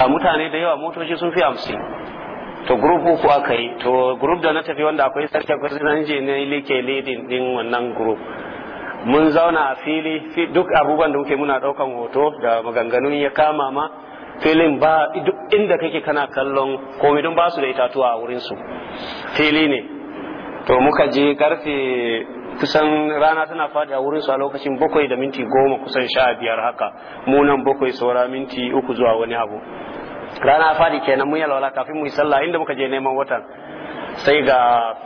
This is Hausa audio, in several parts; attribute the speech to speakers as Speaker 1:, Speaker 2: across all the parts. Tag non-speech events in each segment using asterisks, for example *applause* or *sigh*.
Speaker 1: a mutane da yawa motoci sun fi hamsin to group uku aka yi to group da na tafi wanda akwai sarki akwai sanan je ne like leading din wannan group mun zauna a fili duk abubuwan da muke muna daukan hoto da maganganun ya kama ma filin ba duk inda kake kana kallon komai don ba su da itatuwa a wurin su fili ne to muka je karfe kusan rana tana faɗi a wurin su a lokacin bakwai da minti goma kusan sha biyar haka munan bakwai saura minti uku zuwa wani abu rana faɗi kenan mun yalwala kafin mu yi sallah inda muka je neman watan sai ga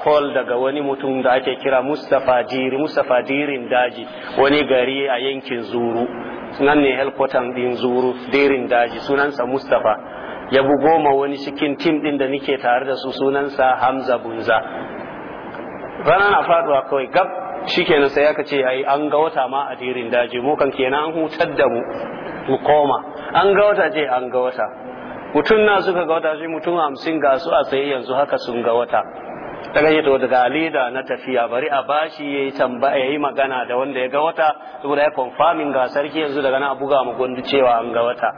Speaker 1: call daga wani mutum da ake kira Mustapha Jiri Mustapha Jirin daji wani gari a yankin Zuru nan ne helkwatan din Zuru Dirin daji sunansa Mustapha ya bu goma wani cikin tim din da nike tare da su sunansa Hamza Bunza rana na faduwa kawai gab shikenan sai aka ce yi an ga wata ma a dirin daji mu kan kenan hutar da mu mu koma an ga wata ce an ga wata mutum na suka ga wata shi mutum hamsin ga su a tsaye yanzu haka sun ga wata ta ganye to daga leda na tafiya bari a bashi yayi tambaya yi magana da wanda ya ga wata saboda ya confirming ga sarki yanzu daga na buga mu gundu cewa an ga wata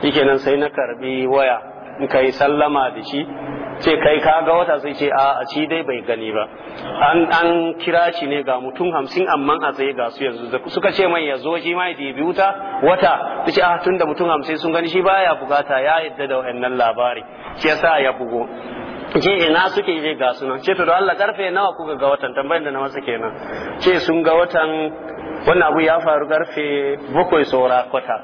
Speaker 1: shikenan sai na karbi waya in kai sallama da shi ce kai ka ga wata sai ce a ci dai bai gani ba an an kira shi ne ga mutum hamsin amma a tsaye ga su yanzu suka ce mai ya zo shi ma ya bi wuta wata ta ce a ah, tun da mutum hamsin sun gani shi baya bukata ya yadda da wa'annan labari shi yasa ya bugo ce eh, ina suke je ga nan ce to da Allah karfe nawa kuka ga watan tambayar da na masa kenan ce sun ga watan wannan abu ya faru karfe bakwai saura kwata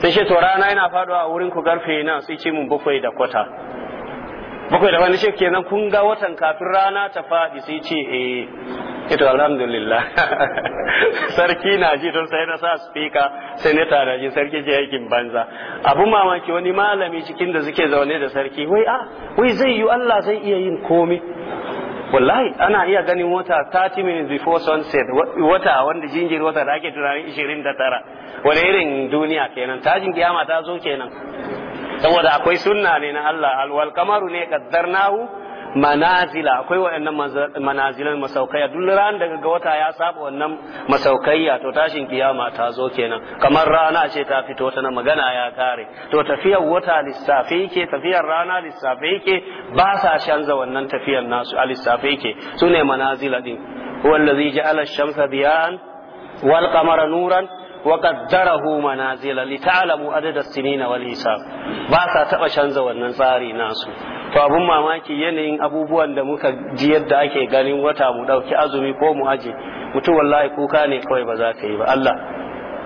Speaker 1: sai ce to rana yana faduwa a wurin ku karfe na sai ce mun bakwai da kwata bakwai da wani shi kenan kun ga watan kafin rana ta faɗi sai ce eh ito alhamdulillah *laughs* sarki na ji don sai na sa speaker sai na tara ji sarki ji aikin banza abu mamaki wani malami cikin da suke zaune da sarki wai a ah, wai zai yi Allah zai iya yin komai wallahi ana iya ganin wata 30 minutes before sunset wata wanda jinjiri wata da ake tunanin 29
Speaker 2: wani irin
Speaker 1: duniya kenan tajin kiyama ta zo kenan saboda akwai sunna ne na Allah alwal kamaru ne qaddarnahu manazila akwai waɗannan manazilan masaukai duk ran daga ga wata ya saba wannan masaukaiya to tashin kiyama ta zo kenan kamar rana ce ta fito ta na magana ya kare to tafiyar wata lissafi yake tafiyar rana lissafi yake ba sa canza wannan tafiyar nasu a lissafe ke su ne manazila din huwa allazi ja'ala ash-shamsa diyan wal qamara nuran wa qaddarahu manazila li ta'lamu adada sinina wal hisab ba sa taba canza wannan tsari nasu to abun mamaki yanayin abubuwan da muka ji yadda ake ganin wata mu dauki azumi ko mu aje mutum wallahi kuka ne kawai ba za ka yi ba Allah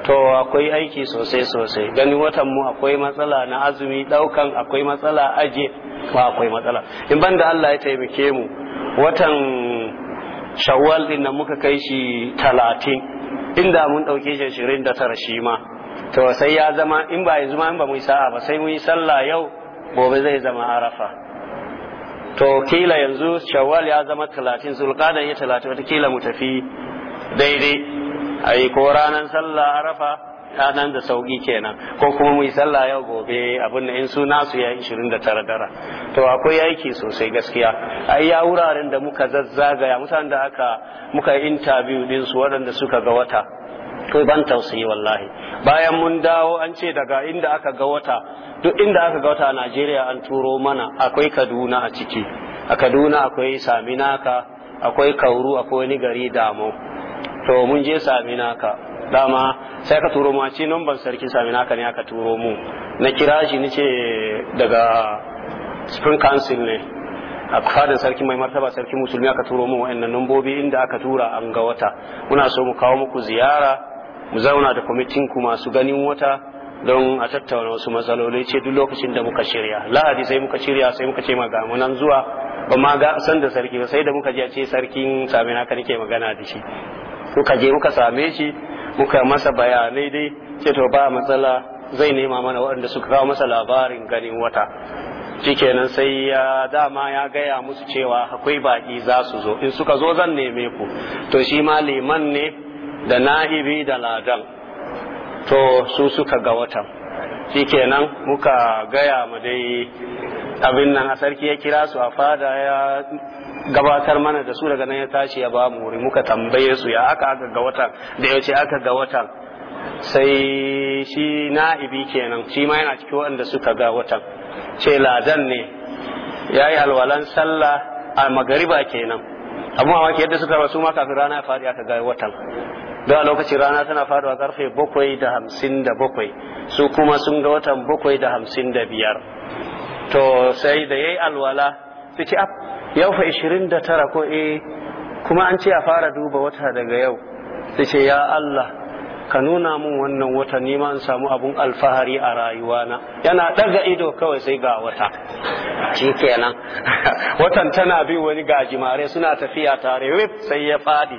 Speaker 1: to akwai aiki sosai sosai ganin watan mu akwai matsala na azumi daukan akwai matsala aje ba akwai matsala in banda Allah ya taimake mu watan shawwal din nan muka kai shi talatin inda mun ɗauke shi shirin da tara shi ma to sai ya zama in ba yanzu ma in ba mu yi sa'a ba sai mu yi sallah yau gobe zai zama arafa to kila yanzu shawwal ya zama talatin zulqada ya talatin wata kila mu tafi daidai ai ko ranar sallah arafa ta nan da sauki kenan ko kuma mu yi sallah yau gobe abin da in suna su ya 29 dara to akwai aiki sosai gaskiya ai ya wuraren da muka zazzagaya mutanen da aka muka interview din su waɗanda suka ga wata to ban tausayi wallahi bayan mun dawo an ce daga inda aka ga wata duk inda aka ga wata a Najeriya an turo mana akwai Kaduna a ciki a Kaduna akwai Saminaka akwai Kauru akwai wani gari Damo to mun je Saminaka dama sai ka turo mu a ce ban sarki sami naka ne aka turo mu na kira shi ni ce daga spring council ne a fadin sarki mai martaba sarki musulmi aka turo mu wa'annan numbobi inda aka tura an ga wata muna so mu kawo muku ziyara mu zauna da kwamitin ku masu ganin wata don a tattauna wasu matsaloli ce duk lokacin da muka shirya lahadi sai muka shirya sai muka ce mu nan zuwa ba ma ga san da sarki ba sai da muka je ce sarkin sami naka nake magana da shi kuka je kuka same shi muka masa bayanai dai ce to ba matsala zai nema mana waɗanda suka kawo masa labarin ganin wata shikenan sai ya dama ya gaya musu cewa akwai baƙi za su zo in suka zo zan neme ku to shi ma liman ne da nahibi da ladan to su suka ga watan shikenan muka gaya mu dai abin nan a sarki ya kira su a fada ya gabatar mana da su daga nan ya tashi ya ba mu muka tambaye su ya aka aka ga watan da ya ce aka ga watan sai shi na'ibi kenan shi ma yana cikin waɗanda suka ga watan ce ladan ne
Speaker 2: ya yi alwalan
Speaker 1: sallah a magariba kenan amma wa yadda suka rasu ma kafin rana ya faɗi aka ga watan don a lokacin rana tana faɗuwa karfe bakwai da hamsin da bakwai su kuma sun ga watan bakwai da hamsin da biyar to sai da yayi alwala sai ce yau fa 29 ko eh kuma an ce a fara duba wata daga yau sai ce ya Allah ka nuna mun wannan wata nima in samu abun alfahari a rayuwana yana daga ido kawai sai ga wata kenan *laughs* watan tana bi wani gajimare suna tafiya tare rip sai ya fadi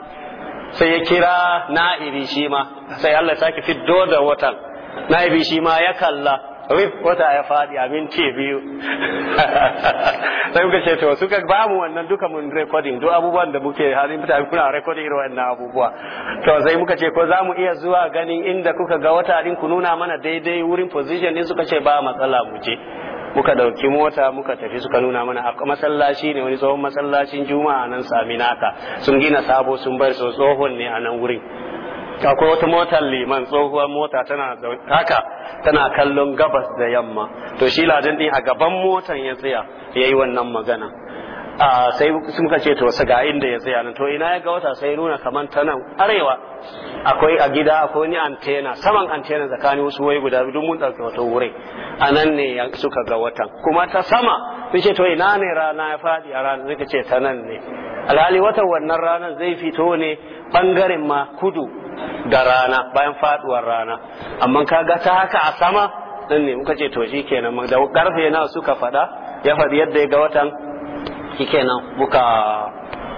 Speaker 1: sai ya kira na'ibi shi ma sai Allah sake fiddo da watan na'ibi shi ma ya kalla Rif wata ya faɗi abin ce biyu sai muka ce to suka ba mu wannan duka mun recording duk abubuwan da muke halin mutane kuna recording irin wannan abubuwa to sai muka ce ko za mu iya zuwa ganin inda kuka ga wata din ku nuna mana daidai wurin position din suka ce ba matsala mu je muka dauki mota muka tafi suka nuna mana masallaci ne wani tsohon masallacin juma'a nan sami naka sun gina sabo sun bar so tsohon ne a nan wurin akwai wata motar liman tsohuwar mota tana haka tana kallon gabas da yamma to shi ladan din a gaban motan ya tsaya ya yi wannan magana a sai muka ce to ga inda ya tsaya nan to ina ya ga wata sai nuna kamar ta nan arewa akwai a gida akwai ni antena saman antena tsakanin wasu wai guda duk mun dauke wata wurin a nan ne suka ga watan kuma ta sama sun ce to ina ne rana ya faɗi a rana suka ce ta nan ne alhali watan wannan ranar zai fito ne bangaren ma kudu da rana bayan faduwar rana amma ka ga ta haka a sama nan ne muka ce to shi kenan da karfe na suka faɗa ya faɗi yadda ya ga watan shi kenan muka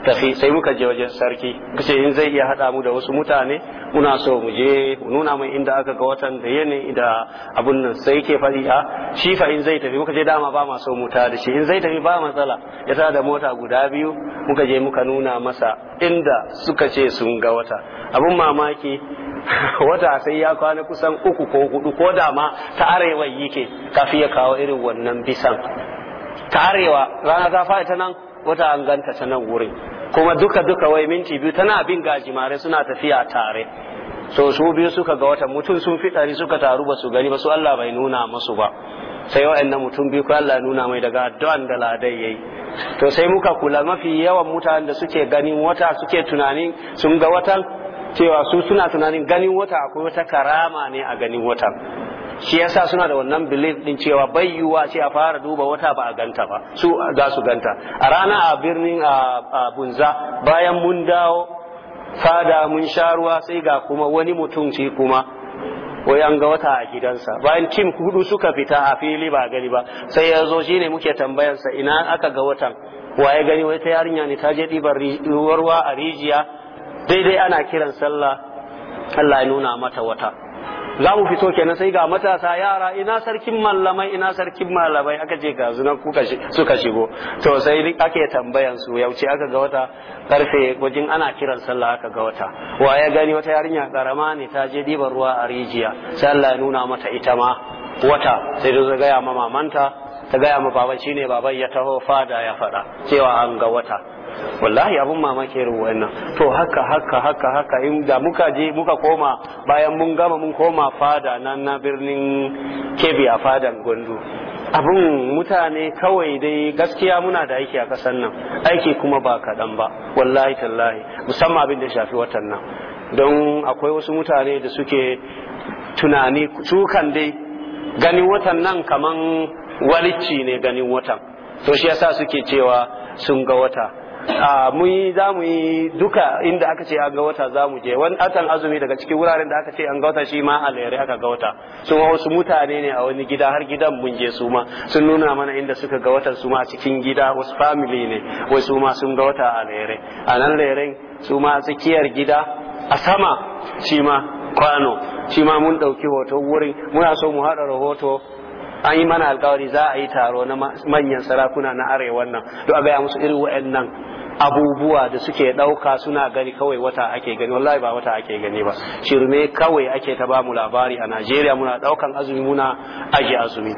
Speaker 1: tafi sai muka je wajen sarki kace in zai iya haɗa mu da wasu mutane muna so mu je nuna mai inda aka ga watan da yanayi da abun nan sai ke fari a shi fa in zai tafi muka je dama ba ma so mu ta da shi in zai tafi ba matsala ya sa da mota guda biyu muka je muka nuna masa inda suka ce sun ga wata abun mamaki *laughs* wata sai ya kwana kusan uku ko hudu ko da ma ta arewa yake kafi ya kawo irin wannan bisan ta arewa rana ta faɗi ta nan wata an ganta ta nan wurin kuma duka duka wai minti biyu tana bin gajimare suna tafiya tare so su biyu suka ga wata mutum sun fi ɗari suka taru ba su gani ba su Allah bai nuna masu ba sai na mutum biyu Allah nuna mai daga addu'an da ladai yayi to sai muka kula mafi yawan mutanen da suke ganin wata suke tunanin sun ga watan cewa su suna tunanin ganin wata akwai wata karama ne a ganin wata. shi yasa suna da wannan belief din cewa bai yiwuwa sai a fara duba wata ba a ganta ba su za su ganta a rana a birnin a bunza bayan mun dawo fada mun sha ruwa sai ga kuma wani mutum ce kuma wai an ga wata a gidansa bayan tim hudu suka fita a fili ba gani ba sai ya zo shine muke tambayarsa ina aka ga watan waye gani wai ta yarinya ne ta je ɗibar ruwa a rijiya daidai ana kiran sallah Allah ya nuna mata wata za mu fito kenan sai ga matasa yara ina sarkin mallamai ina sarkin malamai aka je ga zunan suka shigo to sai ake tambayan su yauce aka ga wata karfe wajen ana kiran sallah aka ga wata wa ya gani wata yarinya karama ne ta je diban ruwa a rijiya sai Allah ya nuna mata ita ma wata sai da gaya mamamanta mamanta ta gaya ma baban shine baban ya taho fada ya faɗa cewa an ga wata wallahi abun mamaki irin wannan to haka haka haka haka in da muka je muka koma bayan mun gama mun koma fada nan na birnin kebi a fadan gondo abun mutane kawai dai gaskiya muna da aiki a kasan nan aiki kuma ba kaɗan ba wallahi tallahi musamman abin da shafi watan nan don akwai wasu mutane da suke tunani sukan dai ganin watan nan kaman walicci ne ganin watan to shi yasa suke cewa sun ga wata mun yi za mu yi duka inda aka ce an ga wata za mu je wani atan azumi daga cikin wuraren da aka ce an ga wata shi ma a alayyare aka ga wata su ma wasu mutane ne a wani gida har gidan mun je su ma sun nuna mana inda suka ga wata su ma a cikin gida wasu family ne wai su ma sun ga wata alayyare a nan leren su ma tsakiyar gida a sama shi ma kwano shi ma mun ɗauki hoto wurin muna so mu haɗa rahoto an yi mana alkawari za a yi taro na manyan sarakuna na arewa nan don a gaya musu irin wa'annan abubuwa da suke ɗauka suna gani kawai wata ake gani wallahi ba wata ake gani ba shirme kawai ake ta bamu labari a najeriya muna ɗaukan azumi muna aje azumi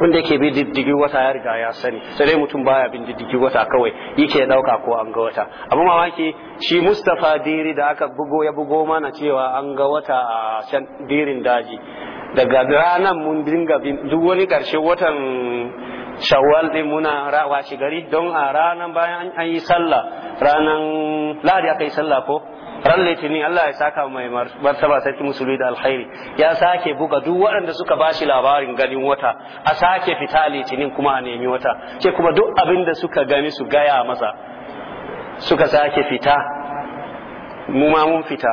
Speaker 1: wanda yake bi diddigi wata ya riga ya sani sai dai mutum baya bin diddigi wata kawai yake ɗauka ko an ga wata amma mamaki shi Mustafa Diri da aka bugo ya bugo mana cewa an ga wata a can dirin daji daga ranar mun dinga bin duk wani karshe watan shawwal din muna shi gari don a ranan bayan an yi sallah ranan lahadi aka yi sallah ko ran litinin Allah ya saka mai martaba sarki musulmi da alkhairi ya sake buga duk waɗanda suka ba shi labarin ganin wata a sake fita litinin kuma a nemi wata ce kuma duk abin da suka gani su gaya masa suka sake fita mu ma mun fita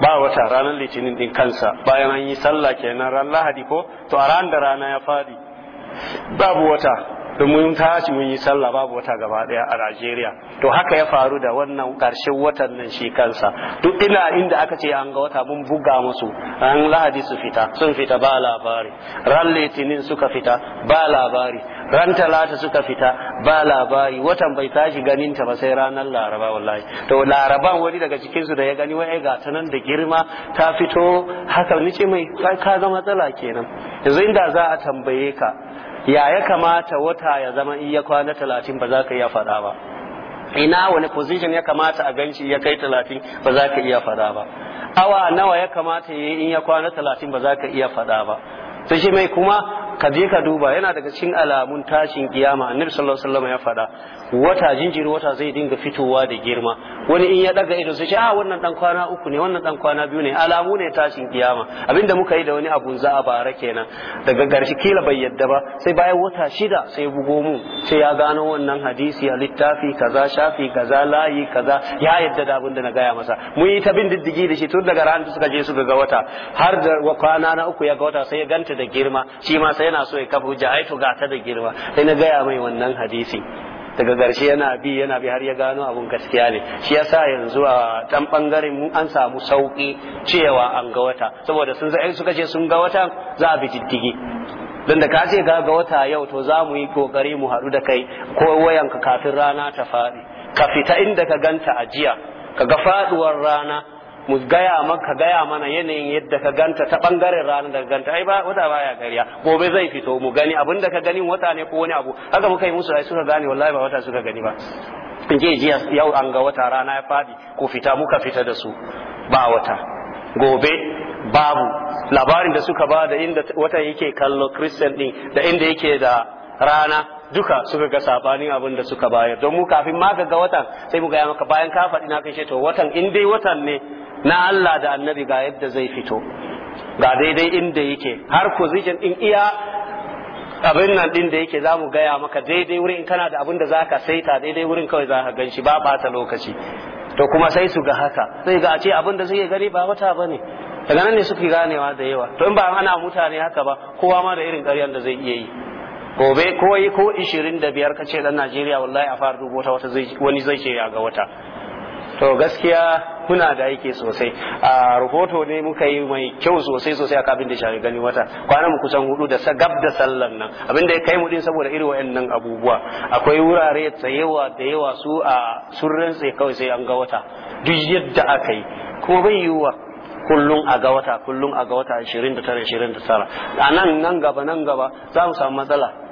Speaker 1: ba wata ranar litinin din kansa bayan an yi sallah kenan ran lahadi ko to a ran da rana ya fadi babu wata domin tashi mun yi sallah babu wata gaba daya a Najeriya to haka ya faru da wannan karshen watan nan shi kansa duk ina inda aka ce an ga wata mun buga musu an Lahadi su fita sun fita ba labari ran Litinin suka fita ba labari ran Talata suka fita ba labari watan bai tashi ganin ta ba sai ranar Laraba wallahi to Laraban wani daga cikin su da ya gani wai ga ta nan da girma ta fito haka nace mai ka ga matsala kenan yanzu inda za a tambaye ka ya ya kamata wata ya zama in ya kwana talatin ba za ka iya faɗa ba ina wani position ya kamata a ganci ya kai talatin ba za ka iya faɗa ba awa nawa ya kamata ya in ya kwana talatin ba za ka iya faɗa ba to shi mai kuma ka je ka duba yana daga cikin alamun tashin kiyama annabi sallallahu alaihi wasallam ya fada wata jinjiri wata zai dinga fitowa da girma wani in ya daga ido sai ce ah wannan dan kwana uku ne wannan dan kwana biyu ne alamu ne tashin kiyama abinda muka yi da wani abun za a bara kenan daga garshi kila bai yadda ba sai bayan wata shida sai bugo mu sai ya gano wannan hadisi a littafi kaza shafi kaza layi kaza ya yadda da abin da na gaya masa mun yi ta bin diddigi da shi tun daga ranar suka je suka ga wata har da kwana na uku ya ga wata sai ya ganta da girma shi ma sai yana so ya kafa hujja ai to ga ta da girma sai na gaya mai wannan hadisi daga garshe yana bi yana bi har ya gano abun gaskiya ne shi yasa yanzu a dan bangaren mu an samu sauki cewa an ga wata saboda sun sai suka ce sun ga wata za a bi diddigi don da ka ce ga ga wata yau to za mu yi kokari mu haɗu da kai ko wayanka kafin rana ta faɗi ka fita inda ka ganta a jiya ka ga faɗuwar rana mu gaya maka gaya mana yanayin yadda ka ganta ta bangaren ranar da ganta ai ba wata baya gariya gobe zai fito mu gani abin da ka gani wata ne ko wani abu haka muka yi musu ai suka gane wallahi ba wata suka gani ba je jiya yau an ga wata rana ya fadi ko fita muka fita da su ba wata gobe babu labarin da suka ba da inda wata yake kallo christian din da inda yake da rana duka suka ga sabanin abin da suka bayar don mu kafin ma ga watan sai mu gaya maka bayan ka faɗi na kai to watan in dai watan ne na Allah da annabi ga yadda zai fito ga daidai inda yake har position in iya abin nan din da yake zamu gaya maka daidai wurin kana da abin da za ka saita daidai wurin kawai za ka ganshi shi ba bata lokaci
Speaker 2: to kuma sai su
Speaker 1: ga haka sai ga a ce abin da suke gani ba wata ba ne daga nan ne suke ganewa da yawa to in ba ana mutane haka ba kowa ma da irin ƙaryar da zai iya yi gobe ko yi ko ishirin da biyar ka ce dan najeriya wallahi a fara dubu wata wani zai ce ya ga wata to gaskiya kuna da yake sosai a rahoto ne muka yi mai kyau sosai sosai a kafin da shafi gani wata kwanan mu kusan hudu da sagab da sallan nan abin da ya kai mu ɗin saboda irin wayannan abubuwa akwai wurare tsayewa da yawa su a surren tsaye kawai sai an ga wata duk yadda aka yi kuma bai yiwuwa kullum a ga wata kullum a ga wata 29 29 a nan nan gaba nan gaba za mu samu matsala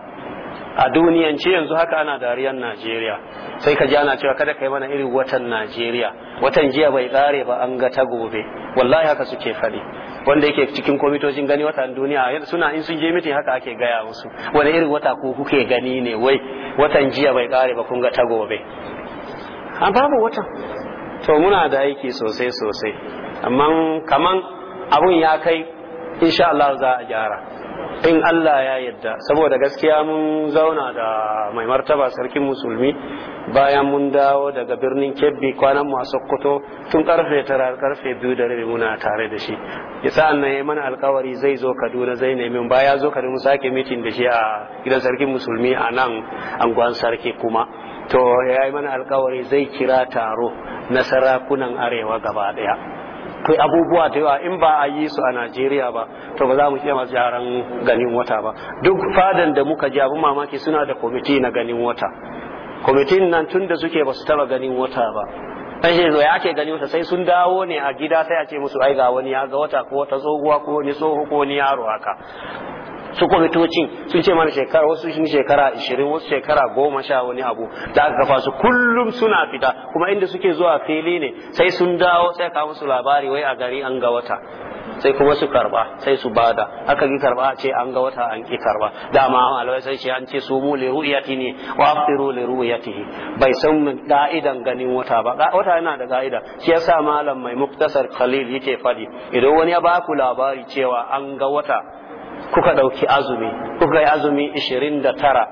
Speaker 1: a duniyance yanzu haka ana dariyan Najeriya sai ka ji ana cewa kada ka kai mana irin watan Najeriya watan jiya bai kare ba an ga ta gobe wallahi haka suke fadi wanda yake cikin kwamitocin gani watan duniya suna in sun je mitin haka ake gaya musu wani irin wata ko kuke gani ne wai watan jiya bai kare ba kun ga ta gobe a babu watan to muna da aiki sosai sosai amma kaman abun ya kai insha Allah za a gyara in Allah ya yadda saboda gaskiya mun zauna da mai martaba sarkin musulmi bayan mun dawo daga birnin kebbi kwanan mu a sokoto tun karfe tara karfe biyu da rabi muna tare da shi ya sa'an nan ya mana alkawari zai zo kaduna zai nemi baya zo kaduna sake mitin da shi a gidan sarkin musulmi a nan anguwan sarki kuma to ya yi mana alkawari zai kira taro na sarakunan arewa gaba daya akwai abubuwa da yawa in ba a yi su a Najeriya ba to ba za mu iya masu yaran ganin wata ba duk fadan da muka ji abin mamaki suna da kwamiti na ganin wata kwamitin nan tun da suke ba su taba ganin wata ba sai shi zo ya ake ganin wata sai sun dawo ne a gida sai a ce musu ai ga wani ya ga wata ko wata tsohuwa ko wani tsoho ko wani yaro haka su kwamitocin sun ce mana shekara wasu sun shekara ishirin wasu shekara goma sha wani abu da aka kafa su kullum suna fita kuma inda suke zuwa fili ne sai sun dawo sai kawo musu labari wai a gari an ga wata sai kuma su karba sai su bada aka yi karba ce an ga wata an ki karba dama alwai sai ce an ce su mu li ru'yati ne wa afiru li ru'yatihi bai san ga'idan ganin wata ba wata yana da ga'ida shi yasa malam mai muktasar khalil yake fadi idan wani ya baku labari cewa an ga wata kuka ɗauki azumi kuka yi azumi ishirin da tara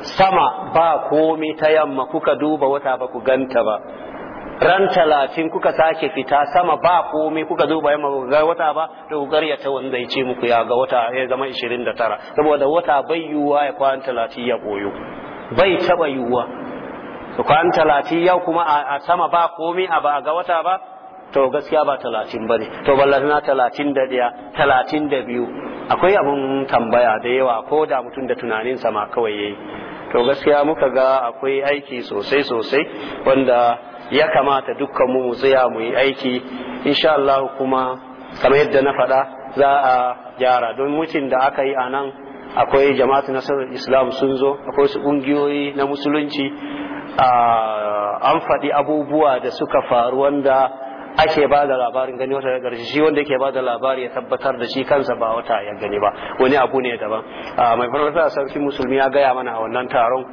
Speaker 1: sama ba komai ta yamma kuka duba wata ba ku ganta ba ran talatin kuka sake fita sama ba komai kuka duba yamma ba ga wata ba da ku ta wanda ya ce muku ya ga wata ya zama 29 saboda wata bai yiwuwa ya kwan talatin ya koyo bai taba yiwuwa to kwan talatin yau kuma a sama ba komai a ba ga wata ba to gaskiya ba talatin ba ne to ballar na talatin da ɗaya talatin da biyu akwai abun tambaya da yawa ko da mutum da tunanin sama kawai yayi to gaskiya muka ga akwai aiki sosai sosai wanda ya kamata dukkan mu tsaya mu yi aiki insha Allah kuma kamar yadda na faɗa za a gyara don mutum da aka yi a nan akwai jama'atu nasarar islam sun zo akwai su ƙungiyoyi na musulunci ah, an faɗi abubuwa da suka faru wanda ake ba da labarin gani wata daga shi wanda yake ba da labari ya tabbatar da shi kansa ba wata ya gani ba wani abu ne daban mai a sarki musulmi ya gaya mana a wannan taron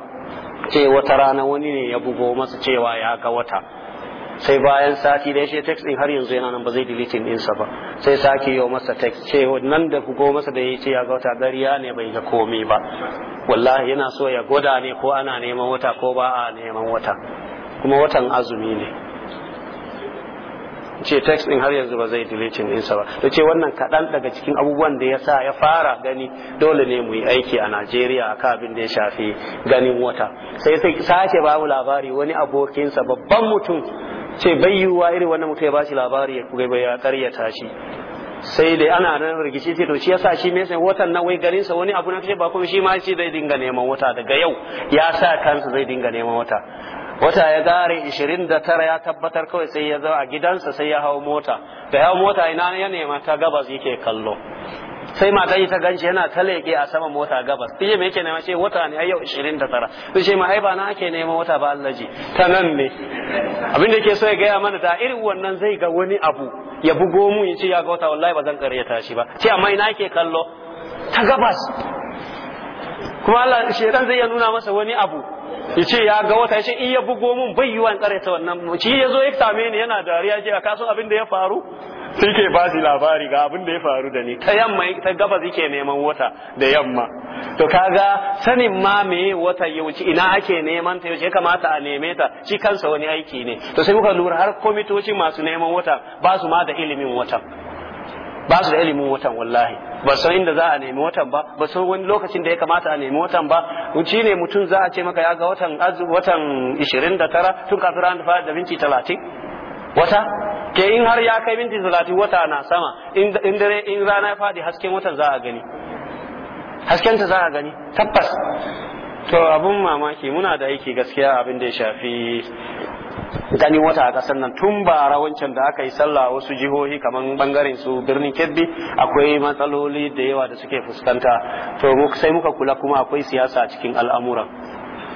Speaker 1: ce wata rana wani ne ya bugo masa cewa ya ga wata sai bayan sati da ya ce text din har yanzu yana nan ba zai deleting sa ba sai sake yau masa text ce nan da bugo masa da ya ce ya ga wata dariya ne bai ga komai ba wallahi yana so ya gwada ne ko ana neman wata ko ba a neman wata kuma watan azumi ne ce text din har yanzu ba zai deleting ɗinsa ba to ce wannan kaɗan daga cikin abubuwan da ya sa ya fara gani dole ne mu yi aiki a najeriya a abin da ya shafi ganin wata sai sai sake babu labari wani abokinsa babban mutum ce bai yiwuwa irin wannan mutum ya ba shi labari ya kuga ya karyata shi sai dai ana nan rigici ce to shi yasa shi me sai watan na wai garin sa wani abu na kace ba kuma shi ma shi zai dinga neman wata daga yau ya sa kansa zai dinga neman wata wata ya gare 29 ya tabbatar kawai sai ya zo a gidansa sai ya hau mota da hau mota ina ya nema ta gabas yake kallo sai mata ta ganci yana ta leƙe a sama mota gabas ta ce me yake nema ce wata ne yau 29 sai ce ma haiba na ake nema wata ba Allah ta nan ne abin da yake so ya gaya mana da irin wannan zai ga wani abu ya bugo mu ya ce ya ga wata wallahi ba zan karyata shi ba ce amma ina ke kallo ta gabas kuma Allah shedan zai ya nuna masa wani abu ya ce ya ga wata shi in ya bugo mun bai yi wani tsare ta wannan ya yazo ya same ni yana dariya ce a kasu abin da ya faru sai ke ba shi labari ga abin da ya faru da ni ta yamma ta gaba zike neman wata da yamma to kaga sanin ma me wata yauci ina ake neman ta yauci ya kamata a neme ta shi kansa wani aiki ne to sai muka lura har komitoci masu neman wata ba su ma da ilimin wata ba su da ilimin watan wallahi ba san inda za a nemi watan ba ba san wani lokacin da ya kamata a nemi watan ba shi ne mutum za a ce maka ya ga watan watan 29 tun kafin ran fara da minti 30 wata ke in har ya kai minti 30 wata na sama in dare in rana ya fadi hasken watan za a gani hasken ta za a gani tabbas to abun mamaki muna da aiki gaskiya abin da ya shafi ganin wata a ƙasar nan tun bara wancan da aka yi sallah wasu jihohi kamar bangaren su birnin kebbi akwai matsaloli da yawa da suke fuskanta to sai muka kula kuma akwai siyasa cikin al'amuran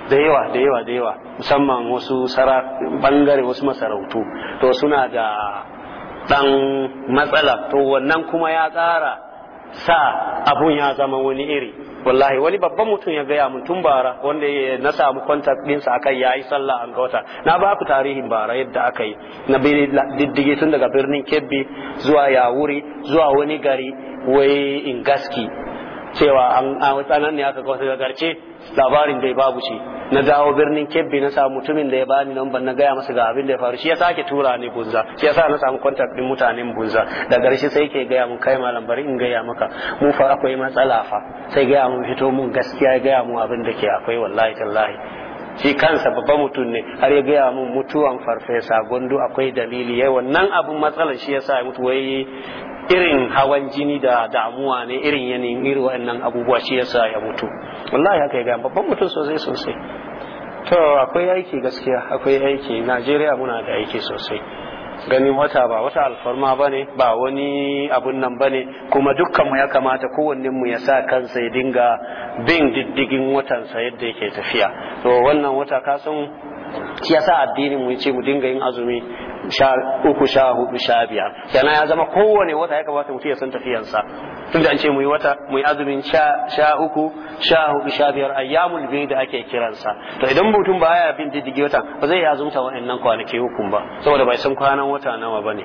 Speaker 1: da yawa da yawa da yawa musamman wasu bangare wasu masarautu to suna da dan matsala to wannan kuma ya tsara sa abun ya zama wani iri wallahi wani babban mutum ya gaya mun tun bara wanda na samu contact ɗinsa ya yi sallah an gauta na ba ku tarihin bara yadda aka yi na diddige tun daga birnin Kebbi zuwa Yawuri zuwa wani gari wai in gaski. cewa an tsanan ne aka kawo daga garce labarin bai babu shi na dawo birnin kebbi na samu mutumin da ya bani lambar na gaya masa ga abin da ya faru shi ya sake tura ni bunza shi ya sa na samu kwantar din mutanen bunza da garshi sai ke gaya mun kai malam bari in gaya maka mu fa akwai matsala fa sai gaya mun fito mun gaskiya gaya mun abin da ke akwai wallahi tallahi shi kansa babban mutum ne har ya gaya mun mutuwan farfesa gondo akwai dalili yai wannan abun matsalar shi yasa ya mutu wai irin hawan jini da damuwa ne irin yanayin irin wa'annan abubuwa shi yasa ya mutu wallahi haka ya ga babban mutum sosai sosai to akwai aiki gaskiya akwai aiki najeriya muna da aiki sosai ganin wata ba wata alfarma ba ne ba wani abun nan ba ne kuma dukkanmu ya kamata mu ya sa kansa ya dinga bin diddigin watansa yadda yake tafiya to wannan wata kasan shi yasa addinin mu ce mu dinga yin azumi sha uku sha hudu sha biyar kenan ya zama kowane wata ya kamata mutum ya san tafiyansa. tun da an ce mu yi wata mu yi azumin sha uku sha hudu sha biyar ayyamul bai da ake kiransa to idan mutum ya bin diddigi wata ba zai yi azumta wa'annan kwanaki hukun ba saboda bai san kwanan wata nawa bane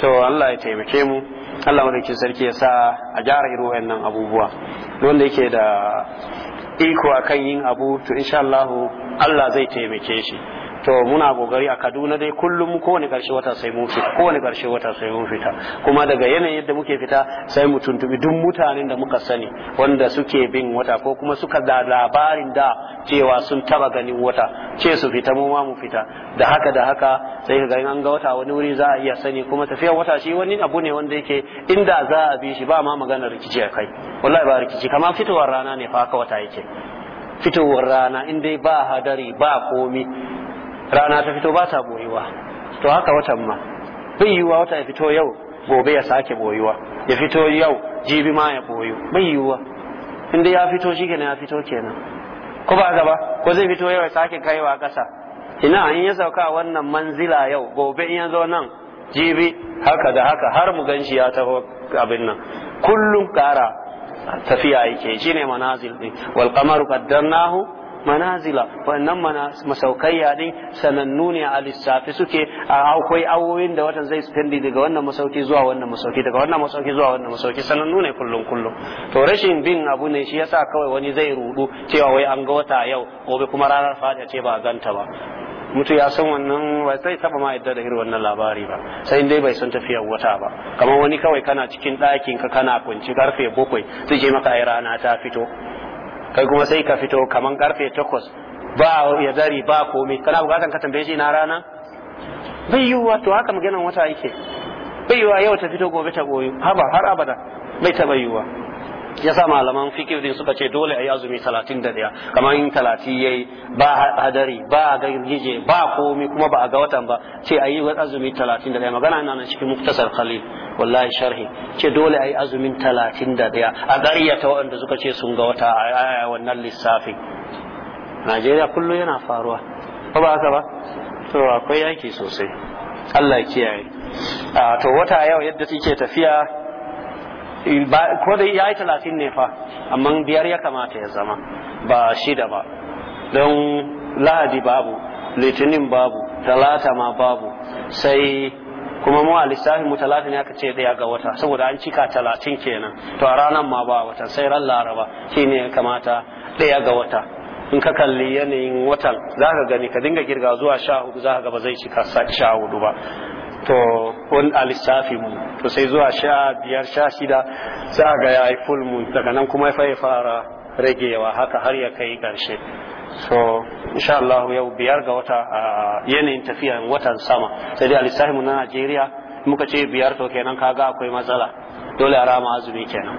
Speaker 1: to Allah ya taimake mu Allah madaukin sarki ya sa a gyara irin wa'annan abubuwa wanda yake da iko akan yin abu to insha Allah Allah zai taimake shi to muna gogari a Kaduna dai kullum kowane karshe wata sai mun fita kowane karshe wata sai mun fita kuma daga yanayin yadda muke fita sai mu tuntubi duk mutanen da muka sani wanda suke bin wata ko kuma suka da labarin da cewa sun taba ganin wata ce su fita mu ma mu fita da haka da haka sai ga an ga wata wani wuri za a iya sani kuma tafiyar wata shi wani abu ne wanda yake inda za a bi shi ba ma magana rikici a kai wallahi ba rikici kamar fitowar rana ne fa haka wata yake fitowar rana in dai ba hadari ba komi rana ta fito ba ta boyuwa to haka watan ma bai yiwuwa wata ya fito yau gobe ya sake boyuwa ya fito yau jibi ma ya boyu bai yiwuwa inda ya fito shi kenan ya fito kenan ko ba gaba ko zai fito yau ya sake kaiwa kasa ina in ya sauka wannan manzila yau gobe in ya zo nan jibi haka da haka har mu ganshi ya taho abin nan kullum kara
Speaker 2: tafiya yake
Speaker 1: shine manazil din wal qamaru qaddarnahu manazila wannan masaukaiya din sanannu ne a lissafi suke a akwai awoyin da watan zai spendi daga wannan masauki zuwa wannan masauki daga wannan masauki zuwa wannan masauki sanannu ne kullum kullum to rashin bin abu ne shi yasa kawai wani zai rudu cewa wai an ga wata yau gobe kuma ranar fata ce ba a ganta ba mutu ya san wannan ba zai taba ma yadda da irin wannan labari ba sai dai bai san tafiyar wata ba kamar wani kawai kana cikin ɗakin ka kana kunci karfe bakwai zai je maka ai rana ta fito kai kuma sai ka fito kaman karfe takwas ba ya zari ba komai kana bukatan ka tambaye shi na rana bai yiwuwa to haka maganan wata yake bai yiwuwa yau ta fito gobe ta goyi haba har abada bai taɓa yiwuwa ya sa malaman fikir din suka ce dole ayi azumi talatin da daya kamar in talati ya yi ba hadari ba girgije ba komi kuma ba a ga watan ba ce a yi azumi talatin da daya magana na nan cikin muktasar khalil wallahi sharhi ce dole ayi azumin talatin da daya a ƙaryata waɗanda suka ce sun ga wata a wannan lissafin najeriya kullum yana faruwa ba ba haka ba to akwai yaki sosai allah kiyaye a to wata yau yadda take tafiya ko da ya yi talatin ne fa amma biyar ya kamata ya zama ba shida ba don lahadi babu litinin babu talata ma babu sai kuma mu a lissafin mu talatin aka ce daya ga wata saboda an cika talatin kenan to a ranar ma ba wata sai ran laraba shine ya kamata daya ga wata in ka kalli yanayin watan za ka gani ka dinga girga zuwa sha hudu za ka ga ba zai cika sha hudu ba to wani a lissafi mu to sai zuwa sha biyar sha shida za ga ya yi full moon daga nan kuma ya fara ragewa haka har ya kai karshe so insha Allah yau biyar ga wata a yanayin tafiya watan sama sai dai alisahimu na Najeriya muka ce biyar to kenan kaga akwai matsala dole a rama azumi kenan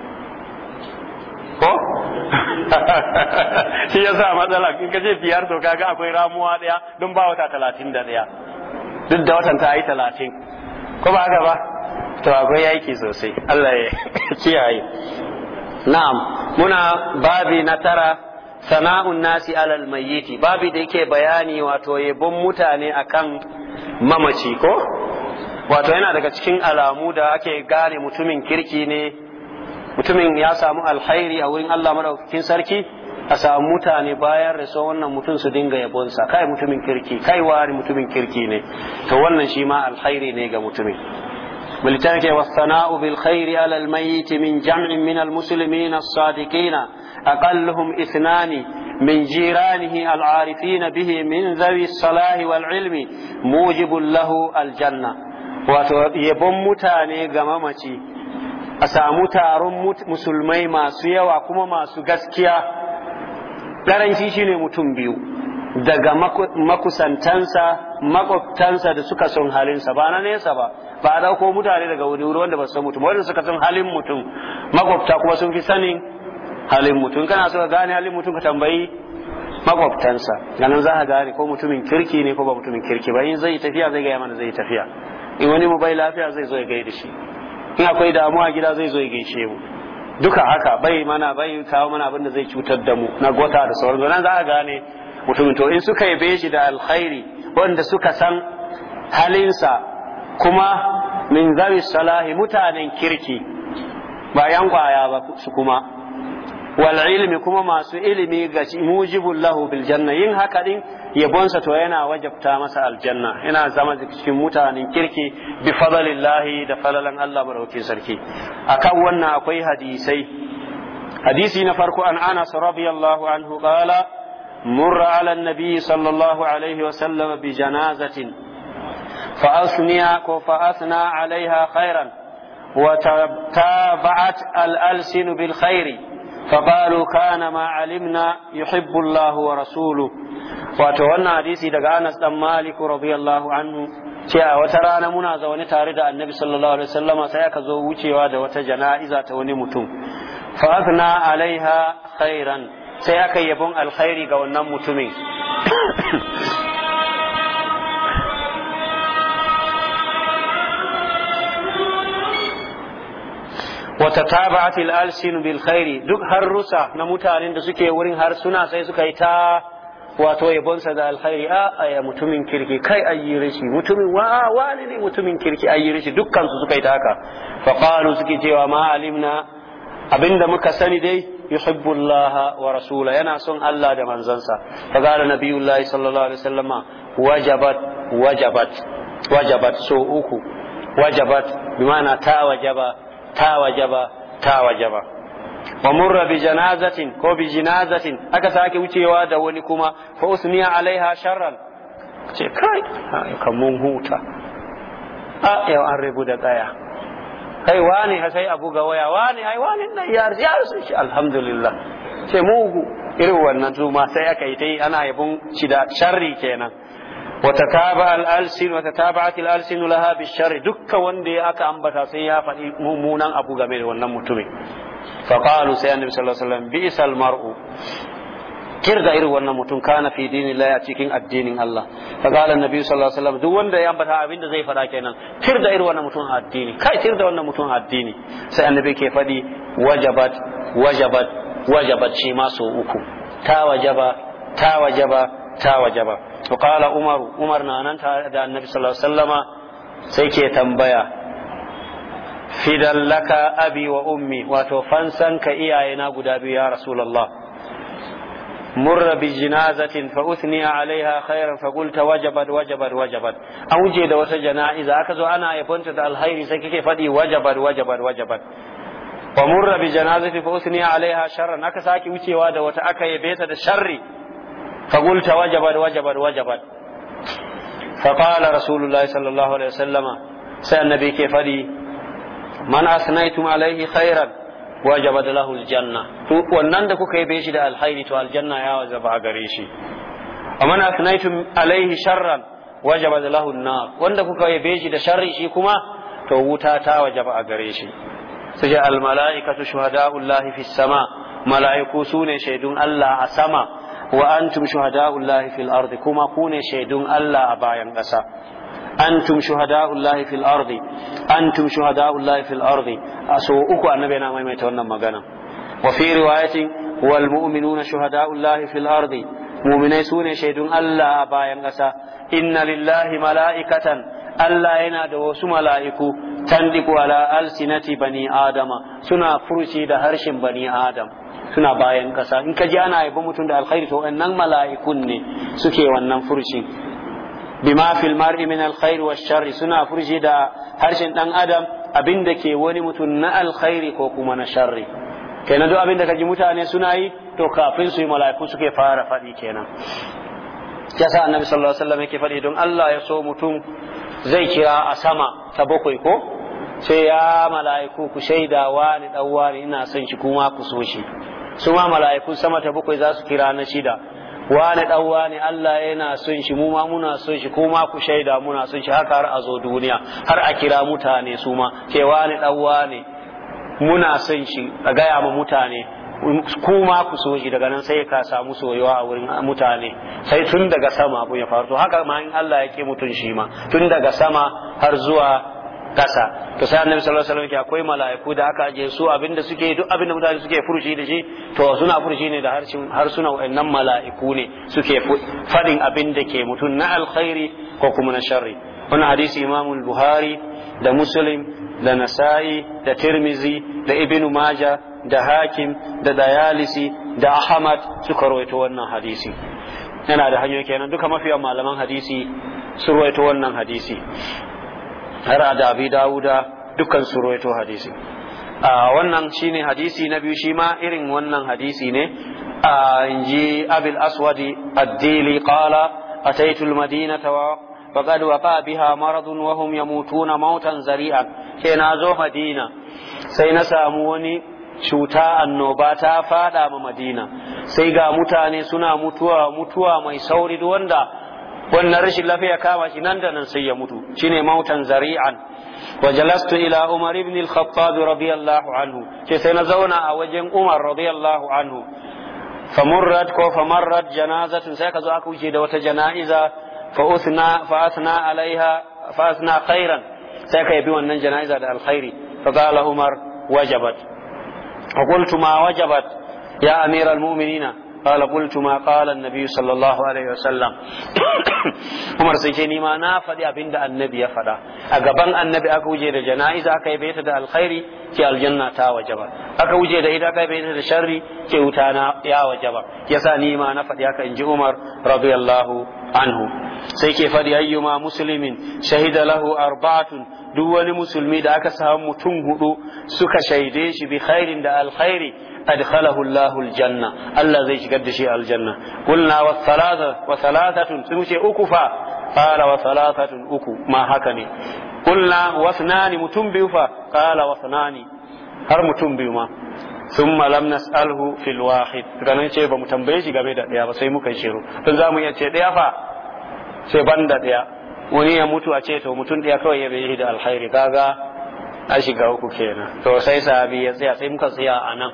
Speaker 1: ko *laughs* shi yasa matsala in ka ce biyar to kaga akwai ramuwa daya don ba wata talatin da daya duk da watan ta yi talatin ko ba haka ba to akwai yaki sosai Allah ya *laughs* kiyaye na'am muna babi na tara sana'un nasi alal mayyiti babu da yake bayani wato yabon mutane akan
Speaker 2: mamaci ko
Speaker 1: wato yana daga cikin alamu da ake gane mutumin kirki ne mutumin ya samu alkhairi a wurin Allah madaukakin sarki a samu mutane bayan raso wannan mutum su dinga yabonsa kai mutumin kirki kai wani mutumin kirki ne to wannan shi ma alkhairi ne ga mutumin ولتنك والثناء بالخير على الميت من جمع من المسلمين الصادقين أقلهم اثنان من جيرانه العارفين به من ذوي الصلاح والعلم موجب له الجنة ويبون متاني غمامتي أسامو تارون مسلمي ما سيا وكما ما سيا لرنشي شيني متنبيو daga makusantansa makwabtansa da suka son halinsa ba na nesa ba ba a dauko mutane daga wuri wuri wanda ba san mutum wanda suka san halin mutum makwabta kuma sun fi sanin halin mutum kana so ka gane halin mutum ka tambayi makwabtansa ganin za ka gane ko mutumin kirki ne ko ba mutumin kirki ba in zai tafiya zai gaya mana zai tafiya in wani mu bai lafiya zai zo ya gaida shi in akwai damuwa gida zai zo ya gaishe mu duka haka bai mana bai kawo mana abin da zai cutar da mu na gota da sauran nan za ka gane mutumin to in suka yabe shi da alkhairi wanda suka san halinsa kuma min zawi salahi mutanen kirki bayan kwaya ba su kuma wal ilmi kuma masu ilimi ga mujibul lahu bil janna yin haka din yabonsa to yana wajabta masa aljanna yana zama cikin mutanen kirki bi fadlillahi da falalan Allah madaukakin sarki akan wannan akwai hadisai hadisi na farko an Anas radiyallahu anhu qala مر على النبي صلى الله عليه وسلم بجنازة فأثني فأثنى عليها خيرا وتابعت الألسن بالخير فقالوا كان ما علمنا يحب الله ورسوله وتولنا حديثي دقى أنس مالك رضي الله عنه cewa wata rana muna zaune tare da annabi sallallahu alaihi wasallama sai aka zo wucewa da wata jana'iza ta wani mutum fa azna alaiha khairan sai aka yabon alkhairi ga wannan mutumin wata taba'atil alsin bil khairi duk rusa na mutanen da suke wurin harsuna sai suka yi ta wato yabonsa da alkhairi a aya mutumin kirki kai ayi rishi mutumin wa wani ne mutumin kirki ayi rishi dukkan su suka yi ta haka fa qalu suke cewa ma alimna abinda muka sani dai yuhibbu Allah yana son Allah da manzansa fa qala nabiyullahi wajabat wajabat wajabat so uku wajabat bimana ta wajaba ta wajaba ta wajaba wa murra bi ko bi aka sake wucewa da wani kuma fa usniya alaiha sharran ce kai mun huta yau an rabu da tsaya kai wani ha sai abu ga waya wani ai wani nan ya arziya su shi ce mugu irin wannan zuma sai aka yi ta ana yabon shi sharri kenan wata ta al'alsin wata taba atil al'alsin sharri dukka wanda ya aka ambata sai ya faɗi mummunan abu game da wannan mutumin fa qalu sai annabi sallallahu alaihi wasallam bi isal mar'u kirga irin wannan mutum kana fi dinillahi a cikin addinin Allah fa qala annabi sallallahu alaihi wasallam duk wanda ya ambata abinda zai fada kenan kirga irin wannan mutum a addini kai kirga wannan mutum a addini sai annabi ke fadi wajabat wajabat wajabat shi ma so uku ta wajaba ta wajaba ta wajaba to qala umaru umar na nan tare da annabi sallallahu alaihi wasallama sai ke tambaya fidan laka abi wa ummi wato fansan ka iyayena guda biyu ya rasulullah مر بجنازة فأثني عليها خيرا فقلت وجبت وجبت وجبت أوجي دا وسا جنائز أكزو أنا يبنت دا الخير سكيك فدي وجبت وجبت وجبت ومر بجنازة فأثني عليها شرا أكساكي وتي وادا وتأكا يبيت دا شر فقلت وجبت وجبت وجبت فقال رسول الله صلى الله عليه وسلم سأل النبي كيف من أثنيتم عليه خيرا wajabat lahu aljanna to wannan da kuka yi shi da alkhairi to aljanna ya wajaba gare shi amman asnaytum alaihi sharran wajabat lahu an-nar wanda kuka yabe shi da sharri shi kuma to wuta ta wajaba a gare shi sai al malaikatu shuhada'u llahi fis sama mala'iku sune shaidun Allah a sama wa antum shuhada'u llahi fil ardi kuma kune shaidun Allah a bayan ƙasa antum shuhada'ullahi fil ardi antum shuhada'ullahi fil ardi so uku annabi yana maimaita wannan magana wa fi riwayatin wal mu'minuna shuhada'ullahi fil ardi mu'minai sune shaidun Allah a bayan ƙasa inna lillahi mala'ikatan Allah yana da wasu mala'iku tandiku ala alsinati bani adama suna furuci da harshen bani adam suna bayan kasa in ka ji ana yabo mutum da alkhairi to wannan mala'ikun ne suke wannan furuci bima fil mar'i min wa sharri suna furji da harshen dan adam abin da ke wani mutum na alkhairi ko kuma na sharri kenan duk abin da kaji mutane suna yi to kafin su yi mala'iku suke fara faɗi kenan yasa annabi sallallahu alaihi wasallam yake faɗi don Allah ya so mutum
Speaker 2: zai kira
Speaker 1: a sama ta bakwai ko sai ya mala'iku ku shaida wani dan wani ina son shi kuma ku so shi su ma mala'iku sama ta bakwai za su kira na shida wani dan wani Allah yana son shi mu ma muna son shi ko ma ku shaida muna son shi haka har a zo duniya har a kira mutane su ma ke wani dan wani muna son shi a gaya ma mutane kuma ku so shi daga nan sai ka samu soyuwa a wurin mutane sai tun daga sama abun ya faru haka ma in Allah ya ke mutun shi ma tun daga sama har zuwa kasa to sai annabi sallallahu alaihi wasallam akwai mala'iku da aka je su abinda suke duk abinda mutane suke furushi da shi to suna furushi ne da harshen harsuna wayannan mala'iku ne suke fadin abinda ke mutun na alkhairi ko kuma na sharri wannan hadisi Imam Buhari da Muslim da Nasa'i da Tirmizi da Ibn Majah da Hakim da Dayalisi da Ahmad suka rawaito wannan hadisi yana da hanyoyi kenan duka mafiya malaman hadisi su rawaito wannan hadisi har da abi dawuda dukkan su rawaito hadisi a wannan shine hadisi na biyu shi ma irin wannan hadisi ne a inji abil aswadi ad-dili qala ataitu al-madinata wa faqad waqa biha maradun wa hum yamutuna mautan zari'an sai na zo madina sai na samu wani cuta annoba ta fada ma madina sai ga mutane suna mutuwa mutuwa mai sauri wanda wannan rashin lafiya kama shi nan da nan sai ya mutu shine mautan zari'an wa jalastu ila umar ibn al-khattab radiyallahu anhu ce sai na zauna a wajen umar radiyallahu anhu famurrat ko famarrat janazatun sai ka zo aka wuce da wata jana'iza fa usna fa asna alaiha fa asna khairan sai ka yabi wannan jana'iza da alkhairi fa qala umar wajabat wa qultu ma wajabat ya amiral mu'minina قال قلت ما قال النبي صلى الله عليه وسلم عمر سيكي نيما نا فدي أبند النبي فدا أقبان النبي أكو جيد جنائز أكي بيت دا الخير كي الجنة تا وجبا أكو جيد إذا أكي بيت دا شر كي وتانا يا وجبا يسا نيما نفدي أكا إنجي عمر رضي الله عنه sai ke faɗi ayyuma musulmin shahida lahu arba'atun duk wani musulmi da aka samu mutum hudu suka shaide shi bi khairin da alkhairi adkhalahu Allahu aljanna Allah zai shigar da shi aljanna qulna wa thalatha wa thalathatun sun ce uku fa qala wa thalathatun uku ma haka ne qulna wa thnani mutum biyu fa qala wa thnani har mutum biyu ma ثم لم نسأله في الواحد ganin ce ba mu tambaye shi game da daya ba sai muka shiru don za mu iya ce daya fa sai banda daya wani ya mutu a ce to mutum daya kawai ya bai da alkhairi kaga a shiga uku kenan to sai sahabi ya tsaya sai muka tsaya a nan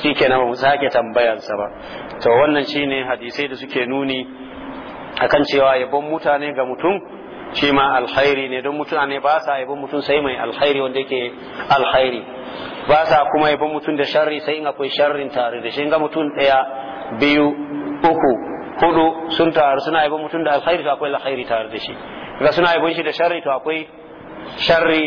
Speaker 1: shi kenan ba mu sake tambayarsa ba to wannan shine hadisai da suke nuni akan cewa yabon mutane ga mutum shi ma alkhairi ne don ne ba sa yabon mutum sai mai alkhairi wanda yake alkhairi ba sa kuma yabon mutum da sharri sai in akwai sharrin tare da shi ga mutum daya biyu uku hudu sun taru suna yabon mutum da alkhairi to akwai alkhairi tare da shi ga suna yabon shi da sharri to akwai sharri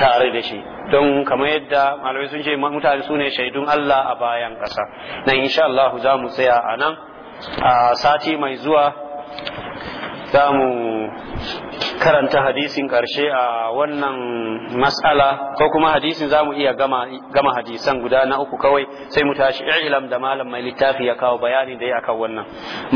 Speaker 1: tare da shi don kamar yadda malamai sun ce mutane su ne shaidun Allah a bayan ƙasa na insha Allah za mu tsaya a nan a sati mai zuwa za mu karanta hadisin karshe a wannan mas'ala ko kuma hadisin za mu iya gama, hadisan guda na uku kawai sai mu tashi i'lam da malam mai littafi ya kawo bayani da ya akan wannan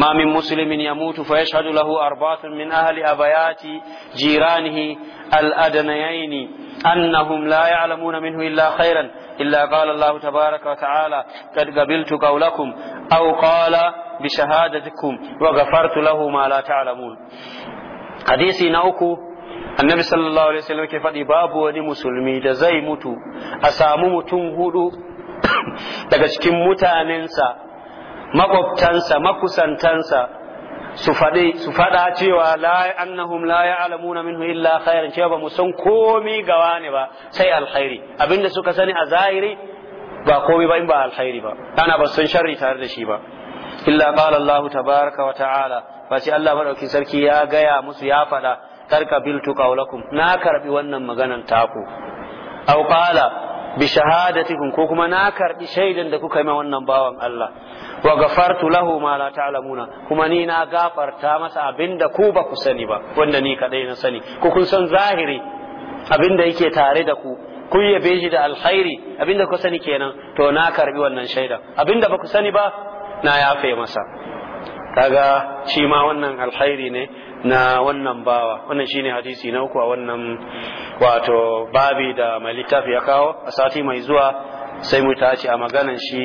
Speaker 1: ma min musulmin ya mutu fa yashhadu lahu arba'atun min ahli abayati jiranihi al-adnayaini أنهم لا يعلمون illa إلا خيرا إلا قال الله تبارك وتعالى قد قبلت قولكم أو قال بشهادتكم وغفرت له ما لا تعلمون hadisi na uku annabi sallallahu alaihi wasallam ke faɗi babu wani musulmi da zai mutu a samu mutum hudu
Speaker 2: *coughs* daga cikin
Speaker 1: mutanensa makwabtansa makusantansa su faɗi su faɗa cewa la annahum la ya'lamuna minhu illa khairan cewa ba mu san komai gawa ne ba sai alkhairi abinda suka sani a zahiri ba komai ba in ba alkhairi ba ana ba sun sharri tare da shi ba illa qala Allah tabaraka wa ta'ala face Allah madauki sarki ya gaya musu ya faɗa tarka biltu qawlakum na karbi wannan maganan taku aw qala bi shahadatikum ko kuma na karbi shaidan da kuka yi wannan bawan Allah wa ghafartu lahu ma la ta'lamuna kuma ni na gafarta masa abinda ku ba ku sani ba wanda ni kadai na sani ko kun san zahiri abinda yake tare da ku kun yabe shi da alkhairi abinda ku sani kenan to na karbi wannan shaida abinda ba ku sani ba na yafe masa kaga shi ma wannan alkhairi ne na wannan bawa wannan shine hadisi na uku a wannan wato babi da mai littafi ya kawo a sati mai zuwa sai mu tashi a maganan shi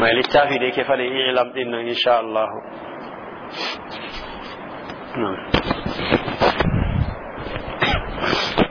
Speaker 1: mai littafi da yake fara ilam din nan insha Allah Thank you.